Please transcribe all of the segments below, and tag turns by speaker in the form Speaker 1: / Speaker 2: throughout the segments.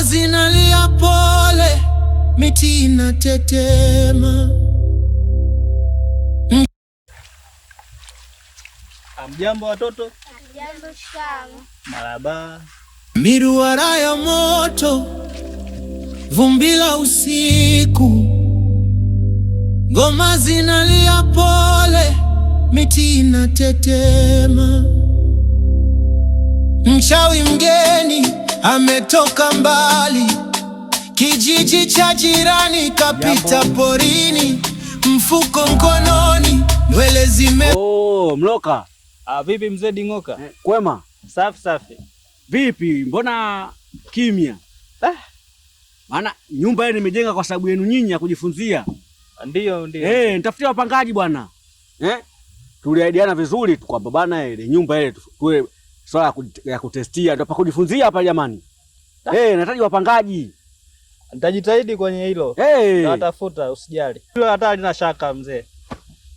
Speaker 1: Nyumba zinalia pole, miti inatetema.
Speaker 2: Amjambo watoto, maraba.
Speaker 1: Miruwara ya moto, vumbi la usiku, ngoma zinalia pole, miti inatetema. Mchawi mgeni ametoka mbali, kijiji cha jirani kapita porini, mfuko mkononi, nywele zime
Speaker 2: oh, mloka.
Speaker 3: Ah, vipi mzee Dingoka? Eh, kwema. Safi safi.
Speaker 2: Vipi, mbona kimya? Ah, maana nyumba yenu nimejenga kwa sababu yenu nyinyi ya kujifunzia. Ndio, ndio. Eh, nitafutia wapangaji bwana. Eh? tuliaidiana vizuri kwamba bana ile nyumba ile tuwe swala ya kutestia ndio pa kujifunzia hapa jamani. Ah. Eh, nahitaji wapangaji.
Speaker 3: Nitajitahidi kwenye hilo. Hey. Eh. Natafuta usijali. Hilo hata halina shaka mzee.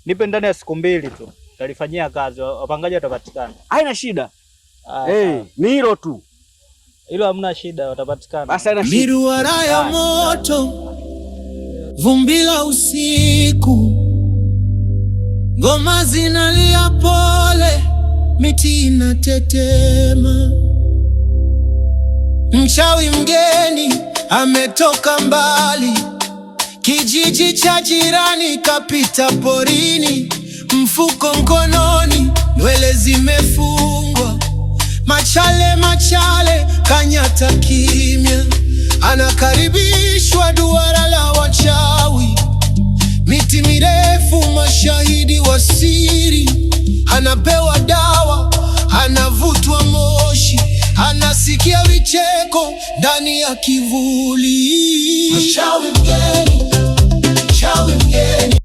Speaker 3: Nipe ndani ya siku mbili tu. Talifanyia kazi wapangaji watapatikana.
Speaker 2: Haina shida. Ah, eh, ni hilo tu.
Speaker 3: Hilo hamna shida watapatikana.
Speaker 2: Basi haina shida.
Speaker 1: Miruwara ya moto. Vumbi la usiku. Ngoma zinalia pole miti inatetema. Mchawi mgeni ametoka mbali, kijiji cha jirani kapita porini, mfuko mkononi, nywele zimefungwa, machale machale kanyata kimya, anakaribishwa duara la wachawi, miti mirefu, mashahidi wa siri anapewa dawa, anavutwa moshi, anasikia vicheko ndani ya kivuli. Mchawi mgeni, mchawi mgeni.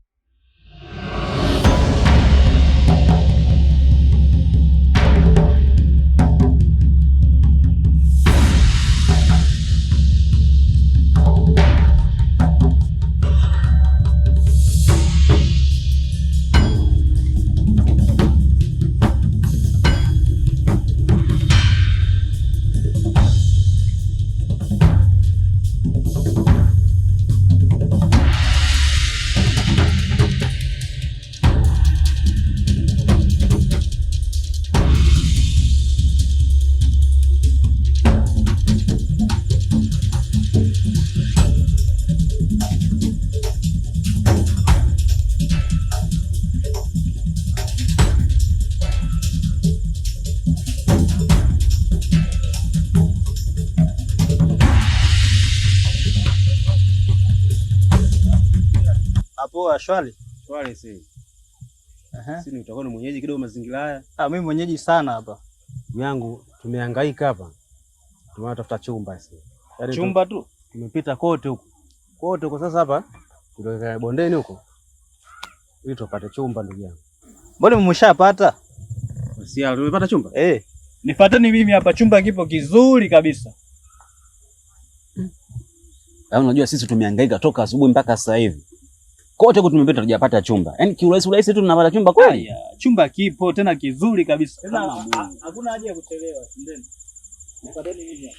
Speaker 2: Sawa shwari.
Speaker 4: Shwari si. Aha. Sisi utakuwa ni mwenyeji kidogo mazingira haya.
Speaker 2: Ah, mimi mwenyeji sana hapa.
Speaker 4: Yangu tumehangaika hapa. Tunatafuta chumba sisi.
Speaker 2: Yaani chumba tu
Speaker 4: tumepita kote huko.
Speaker 2: Kote huko sasa hapa
Speaker 4: tulikuwa bondeni huko. Ili tupate chumba ndugu yangu.
Speaker 2: Mbona mmeshapata?
Speaker 4: Si ah, tumepata chumba?
Speaker 2: Eh. Nifateni mimi hapa, chumba kipo kizuri kabisa.
Speaker 4: Hmm. Ya, yaani Unajua sisi tumehangaika toka asubuhi mpaka sasa hivi kote huko tumepita tujapata chumba. Yaani kiurahisi urahisi tu tunapata chumba
Speaker 2: kweli? Chumba kipo tena kizuri kabisa.
Speaker 3: Hakuna haja ya kuchelewa, sindeni. Nipadeni hivi.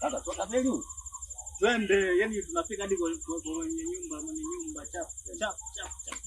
Speaker 3: Sasa toka pelu. Twende, yani tunafika hadi kwenye nyumba, kwenye nyumba chafu. chafu, chafu, chafu.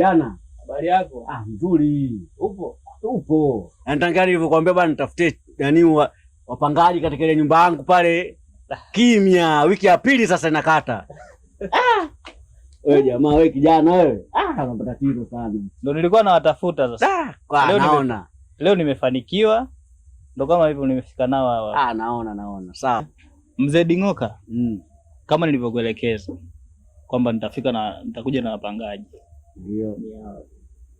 Speaker 2: kijana, habari yako? Ah, nzuri. Upo? Upo. Na nitangia nilivyokuambia bwana, nitafute nani wa, wapangaji katika ile nyumba yangu pale. Kimya, wiki ya pili sasa inakata. Ah.
Speaker 4: Wewe hmm? jamaa, wewe kijana wewe. Ah, unapata tiro sana.
Speaker 3: Ndio nilikuwa nawatafuta sasa.
Speaker 2: Ah, leo naona. Nime,
Speaker 3: leo nimefanikiwa. Ndio kama hivyo nimefika nao
Speaker 2: hapa. Ah, naona naona.
Speaker 3: Sawa. Mzee Ding'oka. Mm. Kama nilivyokuelekeza kwamba nitafika na nitakuja na wapangaji.
Speaker 4: Ndio.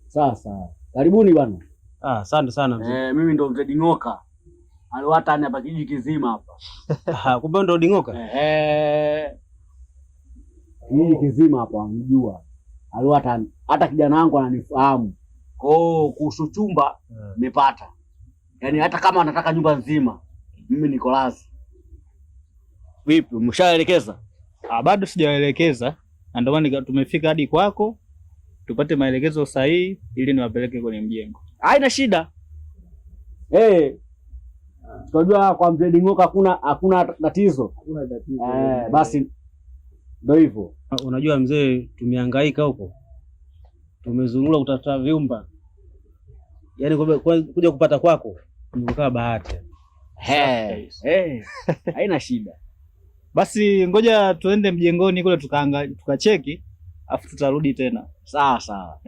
Speaker 4: Sawa sawa, karibuni bwana.
Speaker 3: Ah, asante sana
Speaker 2: mzee. Eh, mimi ndo mzee Ding'oka Aliwata hapa kijiji kizima hapa.
Speaker 3: Ah, kumbe ndo Ding'oka
Speaker 2: eh, eh. kijiji kizima hapa, mjua Aliwata hata kijana wangu ananifahamu. Oh, kuhusu chumba eh. nimepata, yaani hata kama anataka nyumba nzima mimi niko lazi. Vipi, umeshaelekeza?
Speaker 3: Ah, bado sijaelekeza, na ndio maana tumefika hadi kwako tupate maelekezo sahihi ili niwapeleke kwenye mjengo.
Speaker 2: Haina shida. Hey, eh, tunajua kwa mzee dingoka hakuna hakuna tatizo, hakuna tatizo. Eh, basi ndio hivyo.
Speaker 3: Ah, unajua mzee, tumehangaika huko, tumezungula kutafuta vyumba, yaani kuja kupata kwako nimekaa bahati.
Speaker 2: Hey, hey. haina shida.
Speaker 3: Basi ngoja tuende mjengoni kule tukacheki afu tutarudi tena.
Speaker 2: Sawa sawa,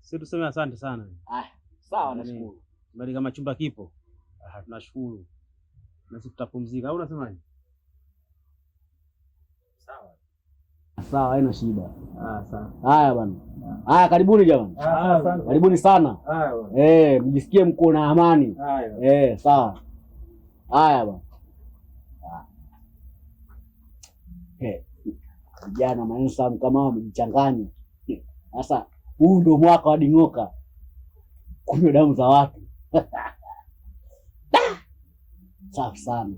Speaker 3: si tuseme asante sana.
Speaker 2: Ah, sawa, yaani, nashukuru.
Speaker 3: Bali kama chumba kipo, ah, tunashukuru nasi tutapumzika, au unasemaje?
Speaker 2: Sawa sawa, haina shida. Ah, sawa. Haya bwana, haya, karibuni jamani, ah, karibuni sana. Eh, mjisikie mko na amani. Eh, sawa. Haya bwana. Hey. Ah. Eh vijana maneno kama wamejichanganya. Sasa huu ndio mwaka wa ding'oka kunywa damu za watu safi sana.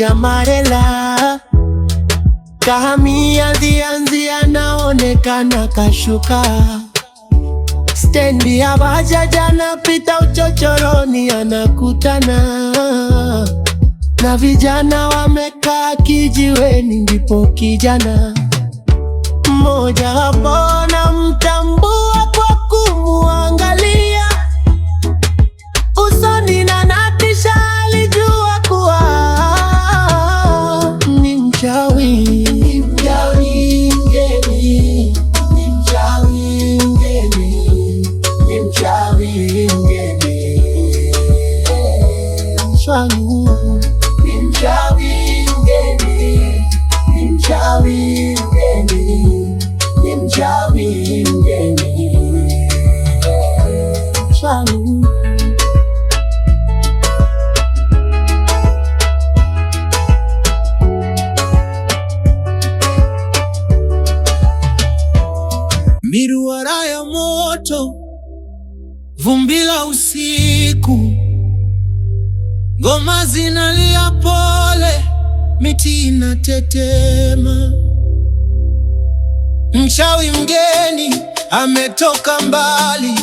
Speaker 1: Chamarela kahamia Ndianzi anaonekana kashuka stendi ya bajaja, napita uchochoroni, anakutana na vijana wamekaa kijiweni, ndipo kijana mmoja hapo zinalia pole, miti inatetema. Mchawi mgeni ametoka mbali,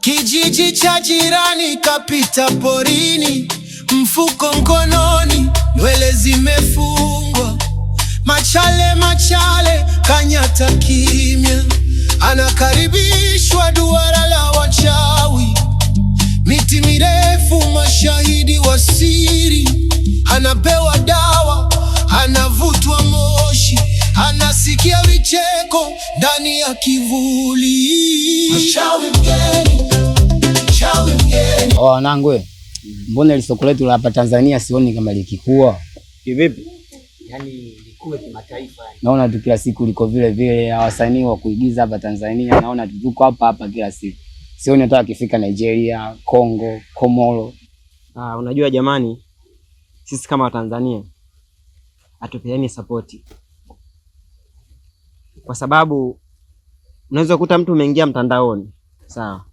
Speaker 1: kijiji cha jirani kapita porini, mfuko mkononi, nywele zimefungwa. Machale machale kanyata kimya, anakaribishwa duara la wachawi. Miti mirefu, mashahidi wa siri, anapewa dawa, anavutwa moshi, anasikia vicheko ndani ya kivuli. Mchawi
Speaker 2: Oh, mbona ile soko letu la hapa Tanzania sioni kama likikua
Speaker 3: kivipi? Yani likue kimataifa yani.
Speaker 2: Naona tu kila siku liko vile vile, wasanii wa kuigiza hapa Tanzania, naona tuko hapa hapa kila siku sioni hata akifika Nigeria, Congo, Komoro.
Speaker 3: Ah, unajua jamani, sisi kama Watanzania hatupeani sapoti kwa sababu unaweza kukuta mtu umeingia mtandaoni, sawa,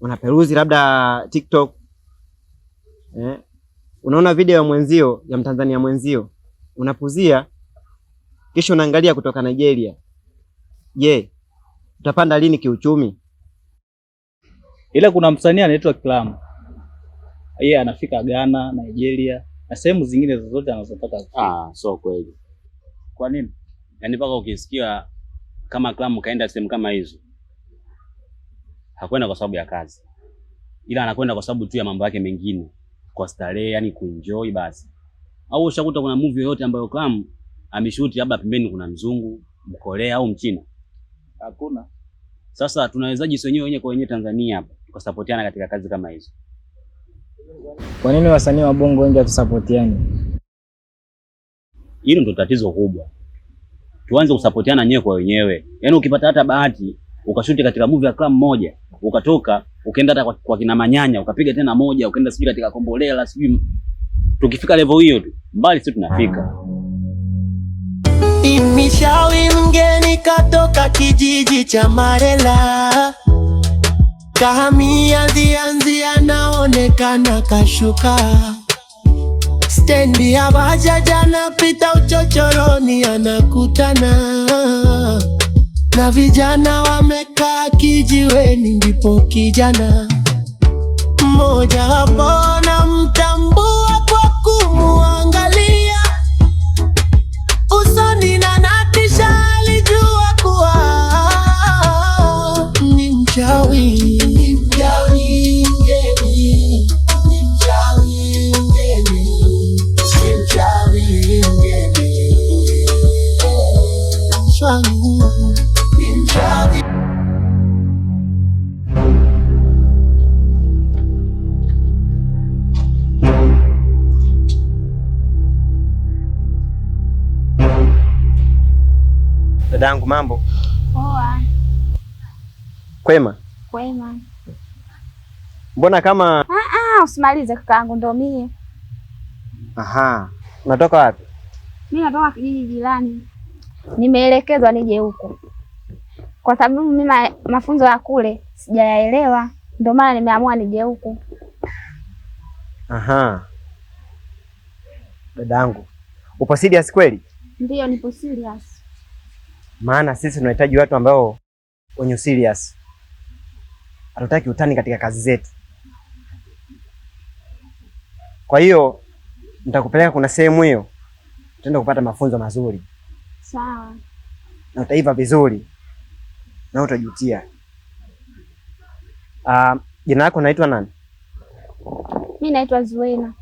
Speaker 3: unaperuzi labda TikTok eh, unaona video ya mwenzio ya mtanzania mwenzio unapuzia, kisha unaangalia kutoka Nigeria. Je, utapanda lini kiuchumi? ila kuna msanii anaitwa Klam, yeye anafika Ghana, Nigeria na sehemu zingine zozote anazotaka.
Speaker 2: Ah, so kweli. Kwa nini? Yaani mpaka ukisikia kama Klam kaenda sehemu kama hizo, hakwenda kwa sababu ya kazi, ila anakwenda kwa sababu tu ya mambo yake mengine, kwa starehe, yani kuenjoy basi. Au ushakuta kuna movie yoyote ambayo Klam ameshuti, labda pembeni kuna mzungu, mkorea au mchina? Hakuna. Sasa tunawezaji wenyewe wenyewe kwa wenyewe Tanzania hapa tukasapotiana katika kazi kama hizo.
Speaker 3: Kwa nini wasanii wa bongo wengi hatusapotiani?
Speaker 2: Hilo ndio tatizo kubwa. Tuanze kusapotiana nyewe kwa wenyewe. Yaani ukipata hata bahati ukashuti katika movie ya klabu moja, ukatoka ukaenda hata kwa kina Manyanya ukapiga tena moja, ukaenda sijui katika Kombolela sijui, tukifika level hiyo tu mbali, sisi tunafika.
Speaker 1: Mshawi mgeni katoka kijiji cha Marela Kahamia Ndianzi anaonekana kashuka, stendi ya bajaji anapita uchochoroni, anakutana na vijana wamekaa kijiweni, ndipo kijana mmoja wapo
Speaker 2: Dadangu, mambo poa? Kwema kwema. Mbona kama
Speaker 5: ah, ah, usimalize kakaangu, ndo mie.
Speaker 2: Aha, unatoka wapi?
Speaker 5: Mi natoka kijiji jirani, nimeelekezwa nije huko kwa sababu mimi mafunzo ya kule sijayaelewa, ndo maana nimeamua nije huku.
Speaker 2: Aha, dadangu, upo serious kweli?
Speaker 5: Ndiyo, nipo serious
Speaker 2: maana sisi tunahitaji watu ambao wenye serious. Hatutaki utani katika kazi zetu. Kwa hiyo nitakupeleka kuna sehemu hiyo, utaenda kupata mafunzo mazuri, sawa, na utaiva vizuri na utajutia. Uh, jina lako naitwa nani?
Speaker 5: Mi naitwa Zuena.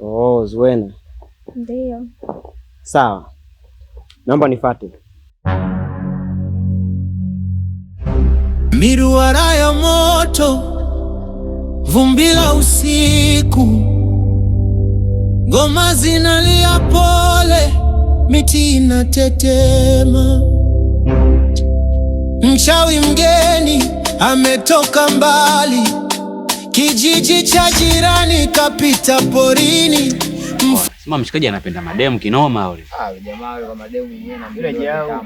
Speaker 2: Oh, Zuena. Ndio. Sawa, naomba nifuate.
Speaker 1: miruwara ya moto, vumbi la usiku, ngoma zinalia pole, miti inatetema, mchawi mgeni ametoka mbali, kijiji cha jirani kapita porini.
Speaker 2: Mshikaji anapenda mademu kinoma, yule
Speaker 3: ah, jamaa kwa mademu mwenyewe na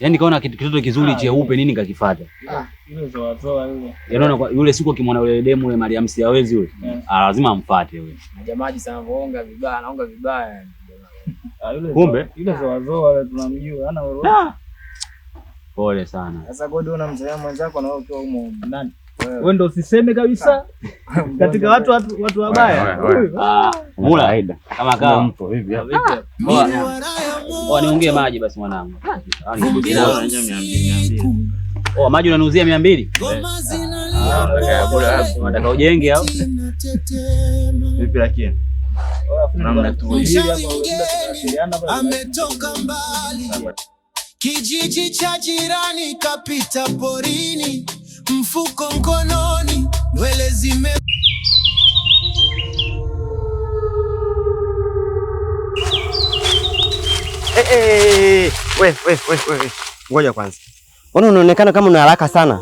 Speaker 2: Yaani kaona kitoto kizuri ah, cheupe nini kakifuata. Ah, yule zoa zoa yule. Yaani yule siku akimwona yule demu yule Mariam si hawezi yule. Ah, lazima amfuate yule.
Speaker 3: Na jamaaji sana voonga vibaya, anaonga vibaya.
Speaker 2: Ah, yule
Speaker 3: yule zoa zoa yule tunamjua, hana huruma. Ah!
Speaker 2: Pole sana.
Speaker 3: Sasa kwa una mzee mwenzako na wewe ukiwa humo nani? Wewe ndio usiseme kabisa ah. katika watu watu wabaya. Ah,
Speaker 2: mula kama kama mtu hivi.
Speaker 3: Niongee maji basi mwanangu. Ah, oh, maji unanuuzia mia mbili? Ah, Nataka ujenge au?
Speaker 1: Ametoka mbali kijiji cha jirani, kapita porini, mfuko mkononi, nywele zime
Speaker 2: Eh, eh, eh, Ngoja kwanza, mbona unaonekana kama una haraka sana?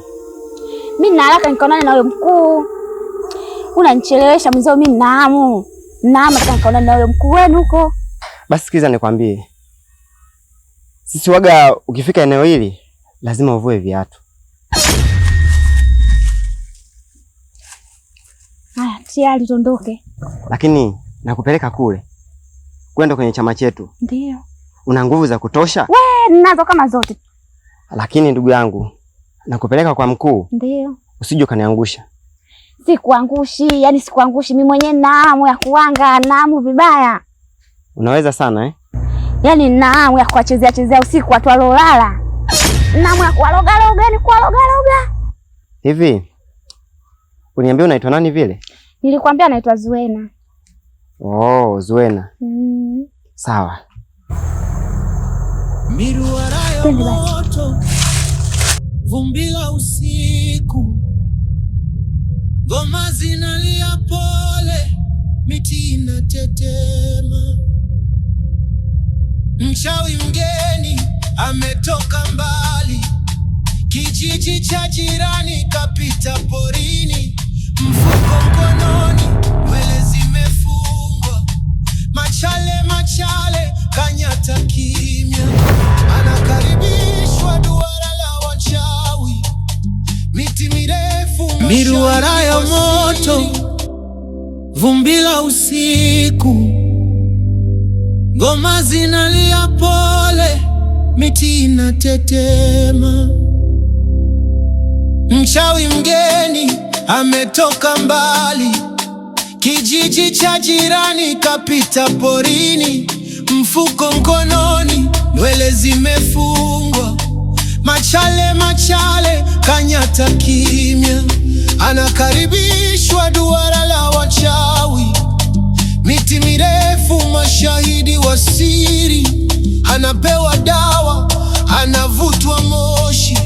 Speaker 5: Mi nina haraka nikaonane na wewe mkuu, unanichelewesha mzee, Mi naamu. Naamu naama taka nikaonane na wewe mkuu wenu huko.
Speaker 2: Basi sikiza nikwambie, sisi waga, ukifika eneo hili lazima uvue viatu.
Speaker 5: Haya, tayari tondoke.
Speaker 2: lakini nakupeleka kule kwenda kwenye chama chetu, ndio Una nguvu za kutosha?
Speaker 5: We, nazo kama zote.
Speaker 2: Lakini ndugu yangu, nakupeleka kwa mkuu. Ndio. Usije ukaniangusha.
Speaker 5: Sikuangushi, yani sikuangushi. Mimi mwenyewe nina hamu ya kuanga, nina hamu vibaya.
Speaker 2: Unaweza sana eh?
Speaker 5: Yani nina hamu ya kuwachezea chezea usiku watu walolala. Nina hamu ya kuwalogaloga, yani loga.
Speaker 2: Hivi uniambia unaitwa nani vile?
Speaker 5: Nilikwambia naitwa Zuena.
Speaker 2: Oh, Zuena. Mm. Sawa
Speaker 1: twende basi. Vumbi la usiku, ngoma zinalia pole, miti inatetema, mchawi mgeni ametoka mbali, kijiji cha jirani kapita porini, mfuko mkononi, nywele zimefungwa, machale machale kanyata kimya, anakaribishwa duara la wachawi, miti mirefu, miruara ya moto, vumbi la usiku, ngoma zinalia pole, miti inatetema, mchawi mgeni ametoka mbali, kijiji cha jirani, kapita porini mfuko mkononi, nywele zimefungwa, machale machale, kanyata kimya, anakaribishwa duara la wachawi, miti mirefu, mashahidi wa siri, anapewa dawa, anavutwa moshi